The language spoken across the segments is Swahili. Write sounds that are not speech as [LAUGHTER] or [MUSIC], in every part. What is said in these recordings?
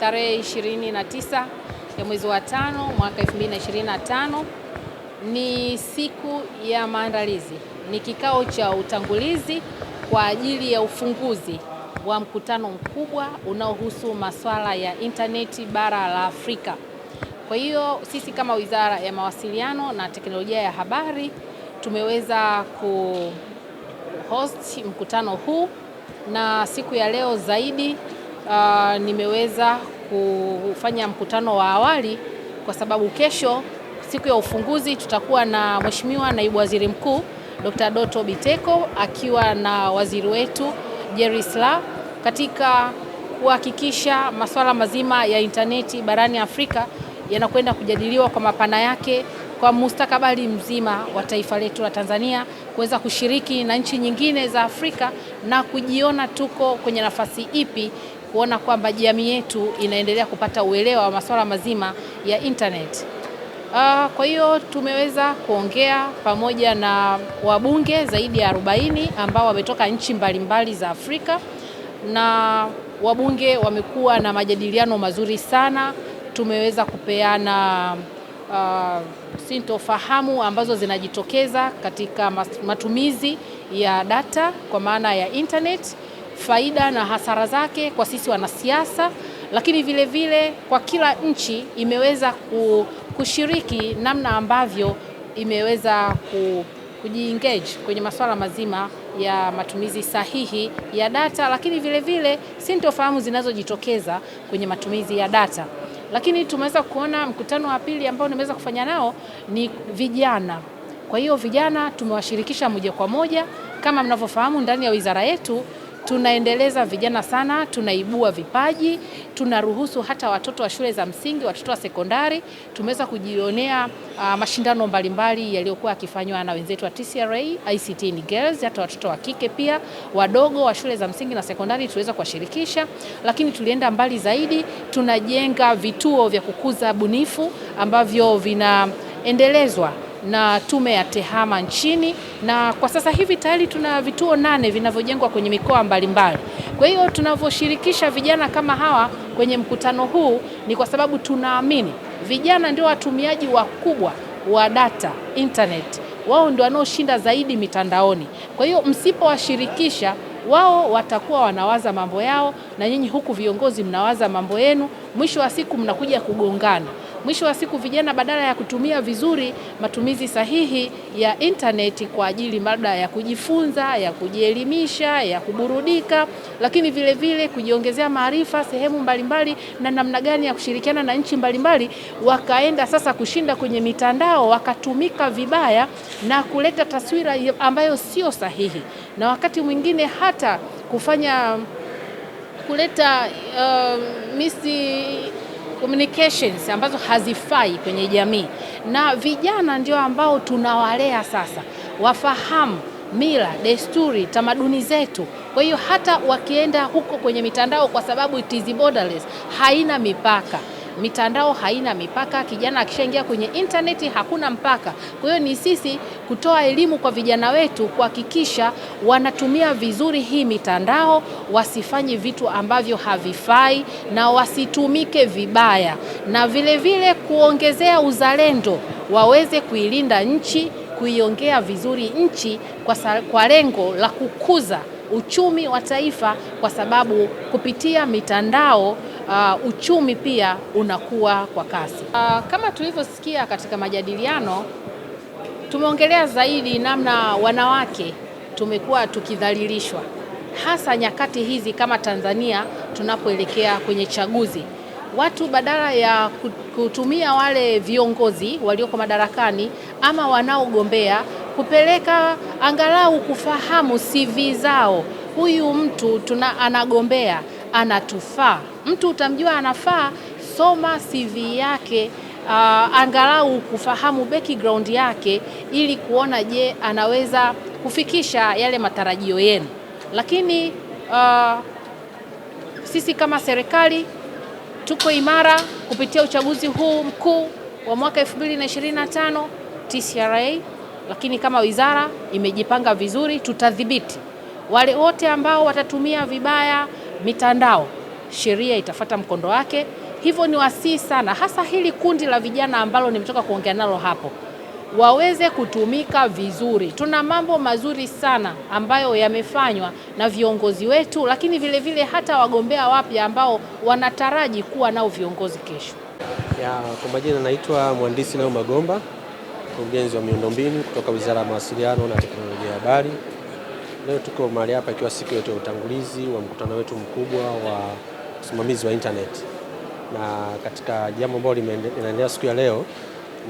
Tarehe 29 ya mwezi wa tano mwaka 2025 ni siku ya maandalizi, ni kikao cha utangulizi kwa ajili ya ufunguzi wa mkutano mkubwa unaohusu masuala ya intaneti bara la Afrika. Kwa hiyo sisi kama Wizara ya Mawasiliano na Teknolojia ya Habari tumeweza host mkutano huu na siku ya leo zaidi uh, nimeweza kufanya mkutano wa awali kwa sababu kesho siku ya ufunguzi tutakuwa na Mheshimiwa Naibu Waziri Mkuu Dr. Doto Biteko akiwa na waziri wetu Jerry Silaa katika kuhakikisha masuala mazima ya intaneti barani Afrika yanakwenda kujadiliwa kwa mapana yake kwa mustakabali mzima wa taifa letu la Tanzania kuweza kushiriki na nchi nyingine za Afrika na kujiona tuko kwenye nafasi ipi kuona kwamba jamii yetu inaendelea kupata uelewa wa masuala mazima ya internet. Uh, kwa hiyo tumeweza kuongea pamoja na wabunge zaidi ya 40 ambao wametoka nchi mbalimbali za Afrika na wabunge wamekuwa na majadiliano mazuri sana. Tumeweza kupeana uh, sintofahamu ambazo zinajitokeza katika matumizi ya data kwa maana ya internet faida na hasara zake kwa sisi wanasiasa, lakini vile vile kwa kila nchi imeweza kushiriki namna ambavyo imeweza kujiengage kwenye masuala mazima ya matumizi sahihi ya data, lakini vile vile sintofahamu zinazojitokeza kwenye matumizi ya data. Lakini tumeweza kuona mkutano wa pili ambao nimeweza kufanya nao ni vijana. Kwa hiyo vijana tumewashirikisha moja kwa moja, kama mnavyofahamu ndani ya wizara yetu tunaendeleza vijana sana, tunaibua vipaji, tunaruhusu hata watoto wa shule za msingi, watoto wa sekondari. Tumeweza kujionea uh, mashindano mbalimbali yaliyokuwa yakifanywa na wenzetu wa TCRA, ICT ni Girls, hata watoto wa kike pia wadogo wa shule za msingi na sekondari tuweza kuwashirikisha, lakini tulienda mbali zaidi, tunajenga vituo vya kukuza bunifu ambavyo vinaendelezwa na tume ya TEHAMA nchini, na kwa sasa hivi tayari tuna vituo nane vinavyojengwa kwenye mikoa mbalimbali. Kwa hiyo tunavyoshirikisha vijana kama hawa kwenye mkutano huu ni kwa sababu tunaamini vijana ndio watumiaji wakubwa wa data internet, wao ndio wanaoshinda zaidi mitandaoni. Kwa hiyo msipowashirikisha wao watakuwa wanawaza mambo yao na nyinyi huku viongozi mnawaza mambo yenu, mwisho wa siku mnakuja kugongana. Mwisho wa siku, vijana badala ya kutumia vizuri matumizi sahihi ya intaneti kwa ajili labda ya kujifunza, ya kujielimisha, ya kuburudika, lakini vile vile kujiongezea maarifa sehemu mbalimbali na namna gani ya kushirikiana na nchi mbalimbali, wakaenda sasa kushinda kwenye mitandao, wakatumika vibaya na kuleta taswira ambayo sio sahihi, na wakati mwingine hata kufanya kuleta uh, misi communications ambazo hazifai kwenye jamii, na vijana ndio ambao tunawalea sasa, wafahamu mila, desturi, tamaduni zetu. Kwa hiyo hata wakienda huko kwenye mitandao, kwa sababu it is borderless, haina mipaka mitandao haina mipaka. Kijana akishaingia kwenye intaneti hakuna mpaka. Kwa hiyo ni sisi kutoa elimu kwa vijana wetu kuhakikisha wanatumia vizuri hii mitandao, wasifanye vitu ambavyo havifai na wasitumike vibaya, na vilevile vile kuongezea uzalendo, waweze kuilinda nchi, kuiongea vizuri nchi kwa, kwa lengo la kukuza uchumi wa taifa, kwa sababu kupitia mitandao uh, uchumi pia unakuwa kwa kasi. Uh, kama tulivyosikia katika majadiliano, tumeongelea zaidi namna wanawake tumekuwa tukidhalilishwa hasa nyakati hizi kama Tanzania tunapoelekea kwenye chaguzi. Watu badala ya kutumia wale viongozi walioko madarakani ama wanaogombea kupeleka angalau kufahamu CV zao, huyu mtu tuna anagombea anatufaa. Mtu utamjua anafaa, soma CV yake, uh, angalau kufahamu background yake ili kuona, je, anaweza kufikisha yale matarajio yenu. Lakini uh, sisi kama serikali tuko imara kupitia uchaguzi huu mkuu wa mwaka 2025 TCRA, lakini kama wizara imejipanga vizuri, tutadhibiti wale wote ambao watatumia vibaya mitandao, sheria itafata mkondo wake. Hivyo ni wasihi sana, hasa hili kundi la vijana ambalo nimetoka kuongea nalo hapo, waweze kutumika vizuri. Tuna mambo mazuri sana ambayo yamefanywa na viongozi wetu, lakini vile vile hata wagombea wapya ambao wanataraji kuwa nao viongozi kesho. Ya, kwa majina naitwa Mhandisi Nao Magomba, mkurugenzi wa miundombinu kutoka Wizara ya Mawasiliano na Teknolojia ya Habari. Leo tuko mahali hapa ikiwa siku yetu ya utangulizi wa mkutano wetu mkubwa wa usimamizi wa internet, na katika jambo ambalo linaendelea siku ya leo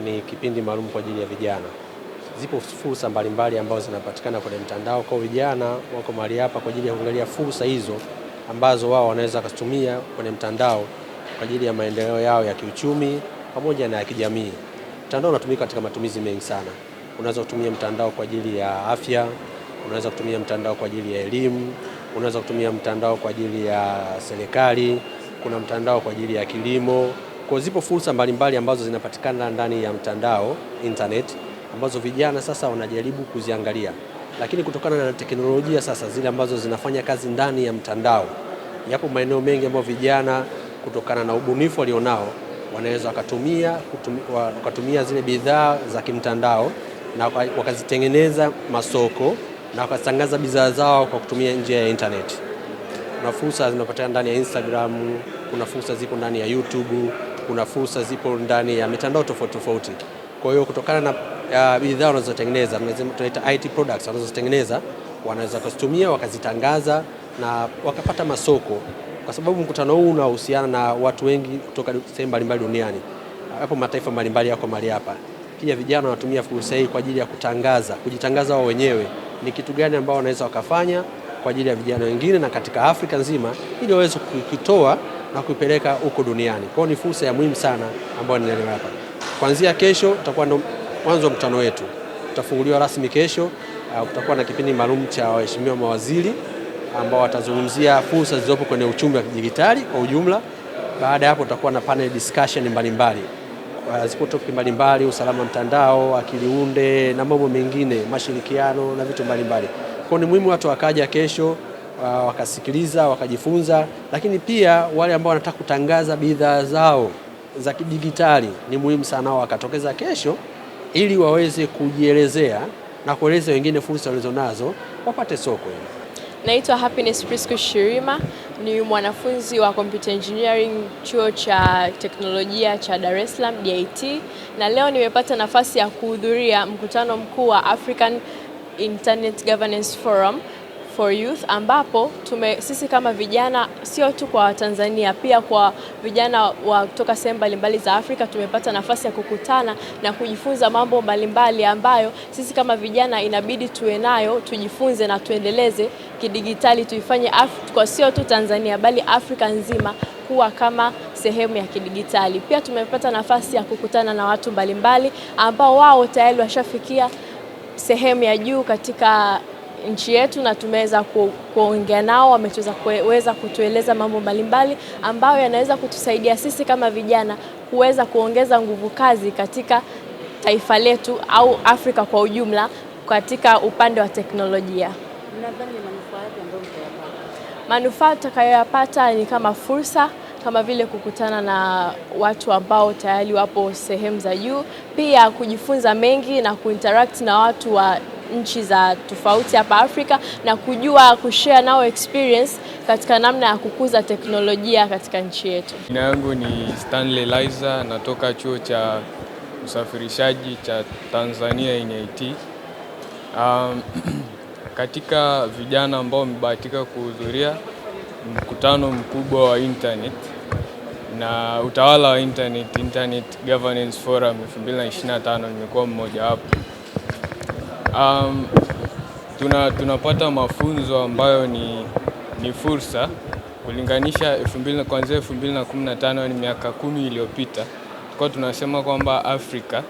ni kipindi maalum kwa ajili ya vijana. Zipo fursa mbalimbali ambazo zinapatikana kwenye mtandao, kwa vijana wako mahali hapa kwa ajili ya kuangalia fursa hizo ambazo wao wanaweza kutumia kwenye mtandao kwa ajili ya maendeleo yao ya kiuchumi pamoja na ya kijamii. Mtandao unatumika katika matumizi mengi sana. Unaweza kutumia mtandao kwa ajili ya afya unaweza kutumia mtandao kwa ajili ya elimu, unaweza kutumia mtandao kwa ajili ya serikali, kuna mtandao kwa ajili ya kilimo. Kwa zipo fursa mbalimbali ambazo zinapatikana ndani ya mtandao internet, ambazo vijana sasa wanajaribu kuziangalia, lakini kutokana na teknolojia sasa zile ambazo zinafanya kazi ndani ya mtandao, yapo maeneo mengi ambayo vijana kutokana na ubunifu walionao wanaweza wakatumia, wakatumia zile bidhaa za kimtandao na wakazitengeneza masoko na wakatangaza bidhaa zao kwa kutumia njia ya internet. Kuna fursa zinapatikana ndani ya Instagram, kuna fursa zipo ndani ya YouTube, kuna fursa zipo ndani ya mitandao tofauti tofauti. Kwa hiyo kutokana na uh, bidhaa wanazotengeneza tunaita IT products wanazotengeneza, wanaweza kuzitumia wakazitangaza na wakapata masoko, kwa sababu mkutano huu unahusiana na watu wengi kutoka sehemu mbalimbali duniani. Hapo mataifa mbalimbali yako mali hapa, pia vijana wanatumia fursa hii kwa ajili ya kutangaza, kujitangaza wao wenyewe ni kitu gani ambao wanaweza wakafanya kwa ajili ya vijana wengine na katika Afrika nzima ili waweze kukitoa na kuipeleka huko duniani. Kwa hiyo ni fursa ya muhimu sana ambayo ninaelewa hapa. Kuanzia kesho tutakuwa ndo mwanzo wa mkutano wetu, tutafunguliwa rasmi kesho. Uh, kutakuwa na kipindi maalum cha waheshimiwa mawaziri ambao watazungumzia fursa zilizopo kwenye uchumi wa kidijitali kwa ujumla. Baada ya hapo, tutakuwa na panel discussion mbalimbali mbali zipo mbalimbali, usalama mtandao, akiliunde na mambo mengine, mashirikiano na vitu mbalimbali. Kwa ni muhimu watu wakaja kesho wakasikiliza wakajifunza, lakini pia wale ambao wanataka kutangaza bidhaa zao za kidijitali ni muhimu sana wakatokeza kesho ili waweze kujielezea na kueleza wengine fursa walizonazo wapate soko. Naitwa Happiness Priscus Shirima ni mwanafunzi wa computer engineering chuo cha teknolojia cha Dar es Salaam DIT, na leo nimepata nafasi ya kuhudhuria mkutano mkuu wa African Internet Governance Forum for Youth ambapo tume, sisi kama vijana sio tu kwa Tanzania, pia kwa vijana wa kutoka sehemu mbalimbali za Afrika tumepata nafasi ya kukutana na kujifunza mambo mbalimbali ambayo sisi kama vijana inabidi tuwe nayo, tujifunze na tuendeleze kidigitali, tuifanye kwa sio tu Tanzania bali Afrika nzima kuwa kama sehemu ya kidigitali. Pia tumepata nafasi ya kukutana na watu mbalimbali ambao wao tayari washafikia sehemu ya juu katika nchi yetu na tumeweza kuongea nao, wameweza kutueleza mambo mbalimbali ambayo yanaweza kutusaidia sisi kama vijana kuweza kuongeza nguvu kazi katika taifa letu au Afrika kwa ujumla katika upande wa teknolojia. Manufaa tutakayoyapata ni kama fursa kama vile kukutana na watu ambao tayari wapo sehemu za juu, pia kujifunza mengi na kuinteract na watu wa nchi za tofauti hapa Afrika na kujua kushare nao experience katika namna ya kukuza teknolojia katika nchi yetu. Jina yangu ni Stanley Liza, natoka chuo cha usafirishaji cha Tanzania NIT. Um, [CLEARS THROAT] katika vijana ambao wamebahatika kuhudhuria mkutano mkubwa wa internet na utawala wa internet, Internet Governance Forum 2025 nimekuwa mmoja wapo. Um, tuna, tunapata mafunzo ambayo ni, ni fursa kulinganisha kuanzia 2015 ni miaka kumi iliyopita, tulikuwa tunasema kwamba Afrika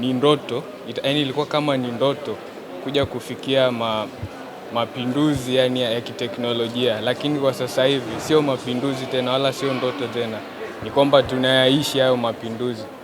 ni ndoto, yaani ilikuwa kama ni ndoto kuja kufikia ma, mapinduzi yani ya kiteknolojia, lakini kwa sasa hivi sio mapinduzi tena wala sio ndoto tena, ni kwamba tunayaishi hayo mapinduzi.